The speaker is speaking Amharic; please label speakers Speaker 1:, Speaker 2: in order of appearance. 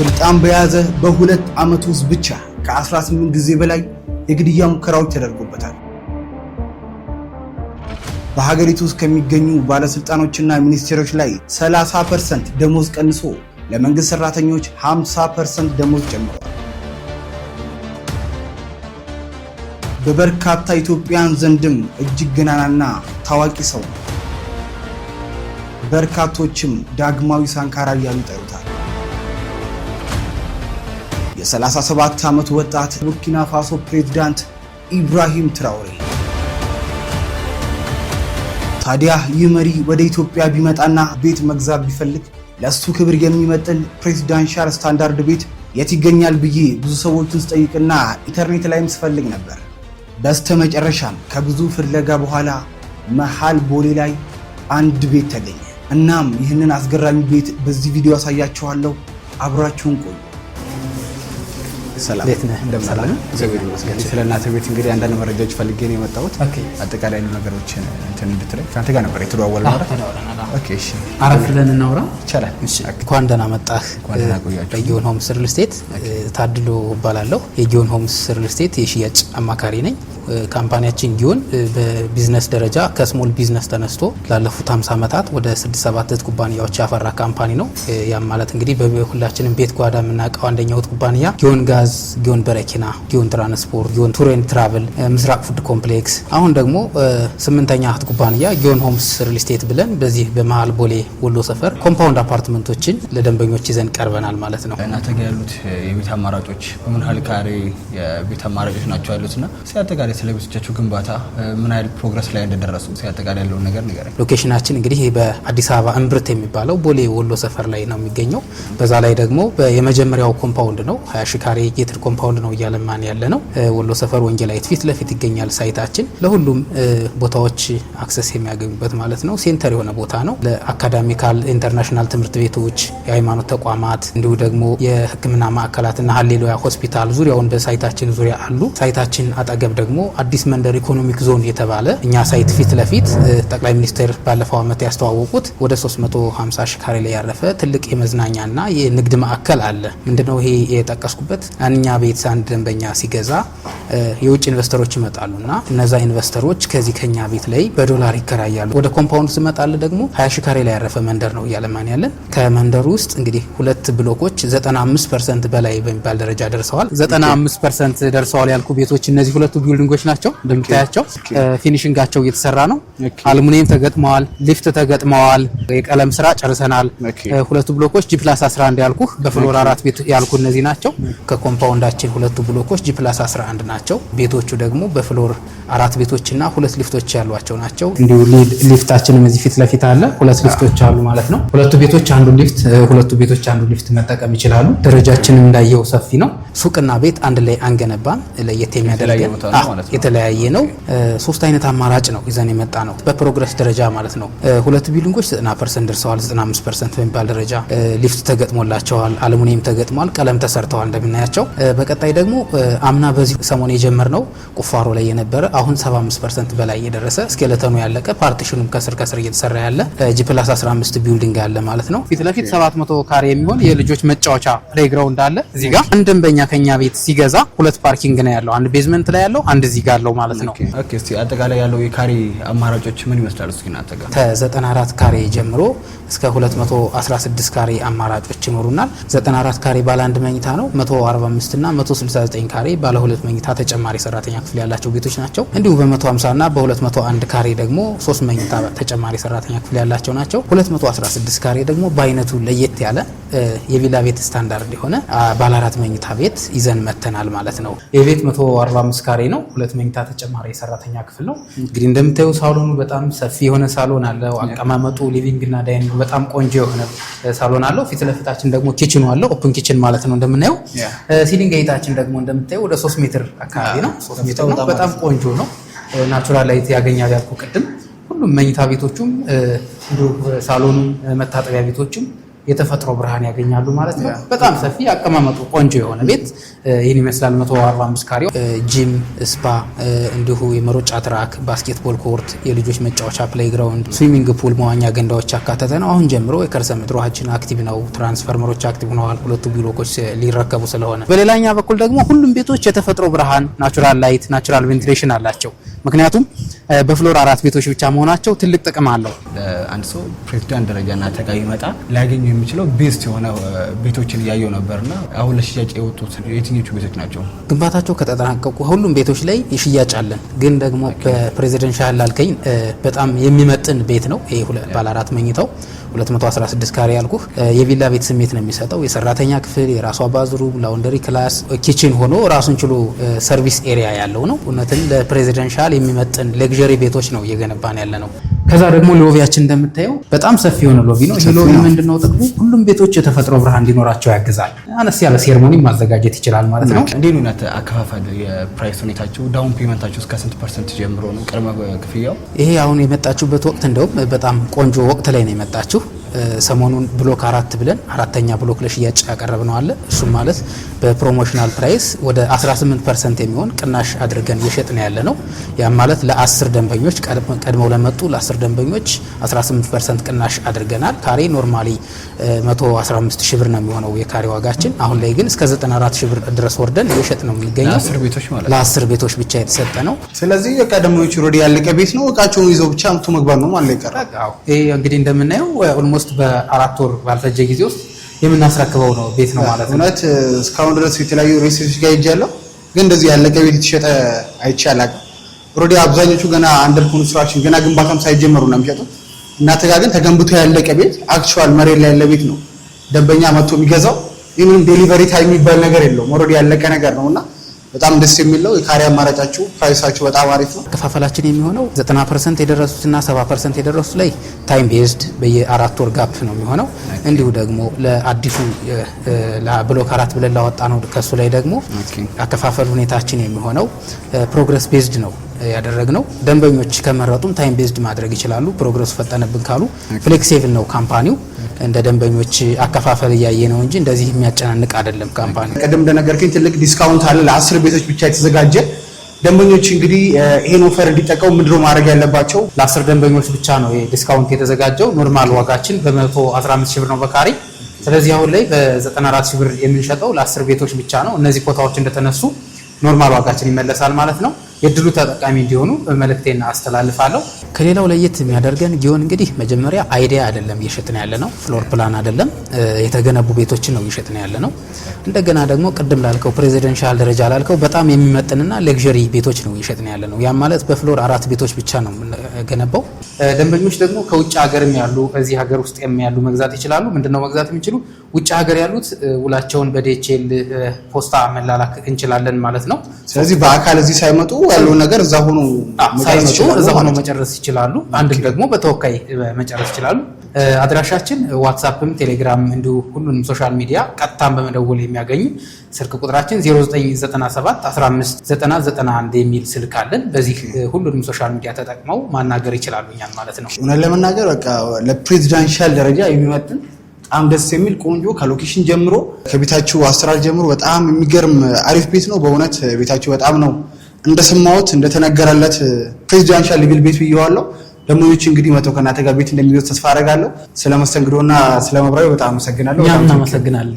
Speaker 1: ስልጣን በያዘ በሁለት ዓመት ውስጥ ብቻ ከ18 ጊዜ በላይ የግድያ ሙከራዎች ተደርጎበታል። በሀገሪቱ ውስጥ ከሚገኙ ባለስልጣኖችና ሚኒስቴሮች ላይ 30 ፐርሰንት ደሞዝ ቀንሶ ለመንግስት ሰራተኞች 50 ፐርሰንት ደሞዝ ጨምሯል። በበርካታ ኢትዮጵያን ዘንድም እጅግ ገናናና ታዋቂ ሰው ነው። በርካቶችም ዳግማዊ ሳንካራ እያሉ ይጠሩታል። የ37 ዓመት ወጣት ቡርኪና ፋሶ ፕሬዝዳንት ኢብራሂም ትራውሬ። ታዲያ ይህ መሪ ወደ ኢትዮጵያ ቢመጣና ቤት መግዛት ቢፈልግ ለእሱ ክብር የሚመጥን ፕሬዚዳንሻል ስታንዳርድ ቤት የት ይገኛል ብዬ ብዙ ሰዎችን ስጠይቅና ኢንተርኔት ላይም ስፈልግ ነበር። በስተመጨረሻም ከብዙ ፍለጋ በኋላ መሃል ቦሌ ላይ አንድ ቤት ተገኘ። እናም ይህንን አስገራሚ ቤት በዚህ ቪዲዮ ያሳያችኋለሁ። አብራችሁን ቆዩ።
Speaker 2: ሰላም ስለ እናት ቤት እንግዲህ አንዳንድ መረጃዎች ፈልጌ ነው የመጣሁት። አጠቃላይ ነገሮችን እንትን እንድትለኝ ከአንተ ጋር ነበር የተደዋወል
Speaker 3: አረፍ ብለን እናውራ
Speaker 2: ይቻላል?
Speaker 4: እንኳን ደህና መጣህ። በጊዮን ሆምስ ሪል ስቴት ታድሎ እባላለሁ። የጊዮን ሆምስ ሪል ስቴት የሽያጭ አማካሪ ነኝ። ካምፓኒያችን ጊዮን በቢዝነስ ደረጃ ከስሞል ቢዝነስ ተነስቶ ላለፉት 50 ዓመታት ወደ 67 እህት ኩባንያዎች ያፈራ ካምፓኒ ነው። ያም ማለት እንግዲህ በሁላችንም ቤት ጓዳ የምናውቀው አንደኛው እህት ኩባንያ ጊዮን ጋዝ ጃዝ፣ ጊዮን በረኪና፣ ጊዮን ትራንስፖርት፣ ጊዮን ቱሬን ትራቭል፣ ምስራቅ ፉድ ኮምፕሌክስ፣ አሁን ደግሞ ስምንተኛ እህት ኩባንያ ጊዮን ሆምስ ሪል ስቴት ብለን በዚህ በመሀል ቦሌ ወሎ ሰፈር ኮምፓውንድ አፓርትመንቶችን ለደንበኞች ይዘን ቀርበናል ማለት ነው።
Speaker 2: እናንተ ያሉት የቤት አማራጮች በምን ያህል ካሬ የቤት አማራጮች ናቸው ያሉት እና ሲያጠቃላይ ስለ ቤቶቻቸው ግንባታ ምን ያህል ፕሮግረስ ላይ እንደደረሱ ሲያጠቃላይ ያለውን ነገር ንገረኝ።
Speaker 4: ሎኬሽናችን እንግዲህ በአዲስ አበባ እምብርት የሚባለው ቦሌ ወሎ ሰፈር ላይ ነው የሚገኘው። በዛ ላይ ደግሞ የመጀመሪያው ኮምፓውንድ ነው ሀያ ሺ ካሬ የትር ኮምፓውንድ ነው እያለማን ያለ ነው። ወሎ ሰፈር ወንጌላይት ፊት ለፊት ይገኛል ሳይታችን። ለሁሉም ቦታዎች አክሰስ የሚያገኙበት ማለት ነው። ሴንተር የሆነ ቦታ ነው። ለአካዳሚካል ኢንተርናሽናል ትምህርት ቤቶች፣ የሃይማኖት ተቋማት እንዲሁ ደግሞ የህክምና ማዕከላትና ሀሌሉያ ሆስፒታል ዙሪያውን በሳይታችን ዙሪያ አሉ። ሳይታችን አጠገብ ደግሞ አዲስ መንደር ኢኮኖሚክ ዞን የተባለ እኛ ሳይት ፊት ለፊት ጠቅላይ ሚኒስትር ባለፈው ዓመት ያስተዋወቁት ወደ 350 ሺ ካሬ ላይ ያረፈ ትልቅ የመዝናኛና የንግድ ማዕከል አለ። ምንድነው ይሄ የጠቀስኩበት እኛ ቤት አንድ ደንበኛ ሲገዛ የውጭ ኢንቨስተሮች ይመጣሉ እና እነዛ ኢንቨስተሮች ከዚህ ከኛ ቤት ላይ በዶላር ይከራያሉ። ወደ ኮምፓውንድ ሲመጣል ደግሞ ሀያ ሺ ካሬ ላይ ያረፈ መንደር ነው እያለማን ያለን። ከመንደሩ ውስጥ እንግዲህ ሁለት ብሎኮች ዘጠና አምስት ፐርሰንት በላይ በሚባል ደረጃ ደርሰዋል። አምስት ፐርሰንት ደርሰዋል ያልኩ ቤቶች እነዚህ ሁለቱ ቢልዲንጎች ናቸው። እንደምታያቸው ፊኒሽንጋቸው እየተሰራ ነው። አልሙኒየም ተገጥመዋል፣ ሊፍት ተገጥመዋል፣ የቀለም ስራ ጨርሰናል። ሁለቱ ብሎኮች ጂፕላስ 11 ያልኩ በፍሎር አራት ቤት ያልኩ እነዚህ ናቸው። ኮምፓውንዳችን ሁለቱ ብሎኮች ጂ ፕላስ 11 ናቸው። ቤቶቹ ደግሞ በፍሎር አራት ቤቶችና ሁለት ሊፍቶች ያሏቸው ናቸው።
Speaker 3: እንዲሁ ሊፍታችንም እዚህ ፊት ለፊት አለ። ሁለት ሊፍቶች አሉ ማለት ነው። ሁለቱ ቤቶች አንዱ ሊፍት ሁለቱ ቤቶች አንዱ ሊፍት መጠቀም ይችላሉ። ደረጃችንም እንዳየው ሰፊ ነው።
Speaker 4: ሱቅና ቤት አንድ ላይ አንገነባም። ለየት የሚያደርገን የተለያየ ነው። ሶስት አይነት አማራጭ ነው ይዘን የመጣ ነው። በፕሮግረስ ደረጃ ማለት ነው። ሁለት ቢልዲንጎች 90 ፐርሰንት ደርሰዋል። 95 ፐርሰንት በሚባል ደረጃ ሊፍት ተገጥሞላቸዋል። አልሙኒየም ተገጥሟል። ቀለም ተሰርተዋል እንደምናያቸው ናቸው። በቀጣይ ደግሞ አምና በዚህ ሰሞን የጀመርነው ቁፋሮ ላይ የነበረ አሁን 75 ፐርሰንት በላይ የደረሰ እስኬለተኑ ያለቀ ፓርቲሽኑም ከስር ከስር እየተሰራ ያለ ጂፕላስ 15 ቢልዲንግ አለ ማለት ነው። ፊት ለፊት 700 ካሬ የሚሆን የልጆች መጫወቻ ፕሌግራውንድ አለ እዚህ ጋር። አንድ ደንበኛ ከኛ ቤት ሲገዛ ሁለት ፓርኪንግ ነው ያለው፣ አንድ ቤዝመንት ላይ ያለው፣ አንድ እዚህ ጋር አለው ማለት ነው።
Speaker 2: ኦኬ እስቲ አጠቃላይ ያለው የካሬ አማራጮች ምን ይመስላሉ? እስኪ እናጠቃ
Speaker 4: ከ94 ካሬ ጀምሮ እስከ 216 ካሬ አማራጮች ይኖሩናል። 94 ካሬ ባለ አንድ መኝታ ነው 140 145 እና 169 ካሬ ባለ ሁለት መኝታ ተጨማሪ ሰራተኛ ክፍል ያላቸው ቤቶች ናቸው። እንዲሁም በ150 እና በ201 ካሬ ደግሞ ሶስት መኝታ ተጨማሪ ሰራተኛ ክፍል ያላቸው ናቸው። 216 ካሬ ደግሞ በአይነቱ ለየት ያለ የቪላ ቤት ስታንዳርድ የሆነ ባለ አራት መኝታ ቤት ይዘን መተናል ማለት ነው። የቤት 145 ካሬ ነው። ሁለት መኝታ ተጨማሪ የሰራተኛ ክፍል ነው። እንግዲህ እንደምታዩ ሳሎኑ በጣም ሰፊ የሆነ ሳሎን አለው። አቀማመጡ ሊቪንግ እና ዳይኒንግ በጣም ቆንጆ የሆነ ሳሎን አለው። ፊት ለፊታችን ደግሞ ኪችኑ አለው። ኦፕን ኪችን ማለት ነው እንደምናየው። ሲሊንግ ጌታችን ደግሞ እንደምታየው ወደ 3 ሜትር አካባቢ ነው። በጣም ቆንጆ ነው። ናቹራል ላይት ያገኛል ያልኩ ቅድም ሁሉም መኝታ ቤቶቹም እንዲሁ ሳሎኑ መታጠቢያ ቤቶችም የተፈጥሮ ብርሃን ያገኛሉ ማለት ነው። በጣም ሰፊ አቀማመጡ ቆንጆ የሆነ ቤት ይህን ይመስላል። 145 ካሬ ጂም፣ ስፓ፣ እንዲሁ የመሮጫ ትራክ፣ ባስኬትቦል ኮርት፣ የልጆች መጫወቻ ፕሌይግራውንድ፣ ስዊሚንግ ፑል፣ መዋኛ ገንዳዎች ያካተተ ነው። አሁን ጀምሮ የከርሰ ምድሯችን አክቲቭ ነው። ትራንስፈርመሮች አክቲቭ ሆነዋል። ሁለቱ ብሎኮች ሊረከቡ ስለሆነ፣ በሌላኛ በኩል ደግሞ ሁሉም ቤቶች የተፈጥሮ ብርሃን ናቹራል ላይት፣ ናቹራል ቬንቲሌሽን አላቸው ምክንያቱም በፍሎር አራት ቤቶች ብቻ መሆናቸው ትልቅ ጥቅም አለው።
Speaker 2: አንድ ሰው ፕሬዚዳንት ደረጃና ተቃይ ይመጣ ሊያገኙ የሚችለው ቤስት የሆነ ቤቶችን እያየው ነበርና አሁን ለሽያጭ የወጡት የትኞቹ ቤቶች ናቸው?
Speaker 4: ግንባታቸው ከተጠናቀቁ ሁሉም ቤቶች ላይ ሽያጭ አለን። ግን ደግሞ በፕሬዚደንት ሻህል ላልከኝ በጣም የሚመጥን ቤት ነው ይሄ ባለ አራት መኝታው 216 ካሬ ያልኩህ የቪላ ቤት ስሜት ነው የሚሰጠው። የሰራተኛ ክፍል፣ የራሱ አባዝሩም፣ ላውንደሪ ክላስ፣ ኪችን ሆኖ ራሱን ችሎ ሰርቪስ ኤሪያ ያለው ነው። እውነትን ለፕሬዚደንሻል የሚመጥን ሌግዠሪ ቤቶች ነው እየገነባን ያለ ነው። ከዛ ደግሞ ሎቢያችን እንደምታየው በጣም ሰፊ የሆነ ሎቢ ነው። ይሄ ሎቢ ምንድነው ጥቅሙ? ሁሉም ቤቶች የተፈጥሮ ብርሃን እንዲኖራቸው ያግዛል። አነስ ያለ ሴርሞኒ ማዘጋጀት ይችላል ማለት ነው።
Speaker 2: እንዴት ነው አከፋፈል የፕራይስ ሁኔታቸው? ዳውን ፔመንታቸው እስከ ስንት ፐርሰንት ጀምሮ ነው ቅድመ ክፍያው?
Speaker 4: ይሄ አሁን የመጣችሁበት ወቅት እንደውም በጣም ቆንጆ ወቅት ላይ ነው የመጣችሁ ሰሞኑን ብሎክ አራት ብለን አራተኛ ብሎክ ለሽያጭ ያቀረብ ነው አለ። እሱም ማለት በፕሮሞሽናል ፕራይስ ወደ 18 ፐርሰንት የሚሆን ቅናሽ አድርገን እየሸጥ ነው ያለ ነው። ያም ማለት ለ10 ደንበኞች ቀድመው ለመጡ ለ10 ደንበኞች 18 ፐርሰንት ቅናሽ አድርገናል። ካሬ ኖርማሊ 115 ሺ ብር ነው የሚሆነው የካሬ ዋጋችን። አሁን ላይ ግን እስከ 94 ሺ ብር ድረስ ወርደን እየሸጥ ነው የሚገኘው። ለ10 ቤቶች ብቻ የተሰጠ ነው።
Speaker 2: ስለዚህ ቀደሞች ሮድ ያለቀ ቤት ነው። እቃቸውን ይዘው ብቻ መቶ መግባት ነው ማለት ይቀራል።
Speaker 4: ይህ እንግዲህ እንደምናየው ውስጥ በአራት ወር ባልፈጀ ጊዜ ውስጥ የምናስረክበው ነው ቤት ነው ማለት ነው። እውነት እስካሁን ድረስ የተለያዩ ሬሴቶች ጋር ሄጃለሁ፣ ግን እንደዚህ ያለቀ ቤት የተሸጠ አይቼ አላውቅም። ኦልሬዲ አብዛኞቹ ገና አንደር ኮንስትራክሽን ገና ግንባታም ሳይጀመሩ ነው የሚሸጡት። እናንተ ጋር ግን ተገንብቶ ያለቀ ቤት አክቹዋል መሬት ላይ ያለ ቤት ነው ደንበኛ መጥቶ የሚገዛው። ይህንም ዴሊቨሪ ታይም የሚባል ነገር የለውም። ኦልሬዲ ያለቀ ነገር ነው እና በጣም ደስ የሚለው ነው። የካሬ አማራጫችሁ ፕራይሳችሁ በጣም አሪፍ ነው። አከፋፈላችን የሚሆነው 90 ፐርሰንት የደረሱትና 70 ፐርሰንት የደረሱት ላይ ታይም ቤዝድ በየአራት ወር ጋፕ ነው የሚሆነው። እንዲሁ ደግሞ ለአዲሱ ብሎክ አራት ብለን ላወጣ ነው ከሱ ላይ ደግሞ አከፋፈል ሁኔታችን የሚሆነው ፕሮግረስ ቤዝድ ነው። ያደረግ ነው ደንበኞች ከመረጡም ታይም ቤዝድ ማድረግ ይችላሉ። ፕሮግረሱ ፈጠነብን ካሉ ፍሌክሲብል ነው ካምፓኒው። እንደ ደንበኞች አከፋፈል እያየ ነው እንጂ እንደዚህ የሚያጨናንቅ አይደለም ካምፓኒ። ቅድም እንደነገርከኝ ትልቅ ዲስካውንት አለ ለአስር ቤቶች ብቻ የተዘጋጀ ደንበኞች እንግዲህ ይሄን ኦፈር እንዲጠቀሙ ምድሮ ማድረግ ያለባቸው ለአስር ደንበኞች ብቻ ነው ዲስካውንት የተዘጋጀው። ኖርማል ዋጋችን በ115 ሺህ ብር ነው በካሬ። ስለዚህ አሁን ላይ በ94 ሺህ ብር የምንሸጠው ለአስር ቤቶች ብቻ ነው። እነዚህ ቦታዎች እንደተነሱ ኖርማል ዋጋችን ይመለሳል ማለት ነው። የድሉ ተጠቃሚ እንዲሆኑ መልእክቴን አስተላልፋለሁ። ከሌላው ለየት የሚያደርገን ጊዮን እንግዲህ መጀመሪያ አይዲያ አይደለም እየሸጥን ያለ ነው፣ ፍሎር ፕላን አይደለም፣ የተገነቡ ቤቶችን ነው እየሸጥን ያለ ነው። እንደገና ደግሞ ቅድም ላልከው ፕሬዚደንሻል ደረጃ ላልከው በጣም የሚመጥንና ሌክዥሪ ቤቶች ነው እየሸጥን ያለ ነው። ያ ማለት በፍሎር አራት ቤቶች ብቻ ነው የምንገነባው። ደንበኞች ደግሞ ከውጭ ሀገርም ያሉ እዚህ ሀገር ውስጥ የሚያሉ መግዛት ይችላሉ። ምንድነው መግዛት የሚችሉ ውጭ ሀገር ያሉት ውላቸውን በዲኤችኤል ፖስታ መላላክ እንችላለን ማለት ነው።
Speaker 2: ስለዚህ በአካል እዚህ ሳይመጡ ያለውን ነገር እዛ ሆኖ
Speaker 4: እዛ ሆኖ መጨረስ ይችላሉ። አንድም ደግሞ በተወካይ መጨረስ ይችላሉ። አድራሻችን ዋትሳፕም፣ ቴሌግራም እንዲሁ ሁሉንም ሶሻል ሚዲያ ቀጥታን በመደወል የሚያገኙ ስልክ ቁጥራችን 0997159091 የሚል ስልክ አለን። በዚህ ሁሉንም ሶሻል ሚዲያ ተጠቅመው ማናገር ይችላሉ እኛን ማለት ነው።
Speaker 2: እውነት ለመናገር በቃ ለፕሬዚዳንሻል ደረጃ የሚመጥን በጣም ደስ የሚል ቆንጆ ከሎኬሽን ጀምሮ ከቤታችሁ አሰራር ጀምሮ በጣም የሚገርም አሪፍ ቤት ነው። በእውነት ቤታችሁ በጣም ነው እንደሰማሁት እንደተነገረለት ፕሬዚዳንሻል ሊቪል ቤት ብየዋለሁ። ደሞኞች እንግዲህ መተው ከእናንተ ጋር ቤት እንደሚወስድ ተስፋ አደርጋለሁ። ስለ መስተንግዶና ስለ መብራዊ በጣም አመሰግናለሁ።
Speaker 4: በጣም አመሰግናለሁ።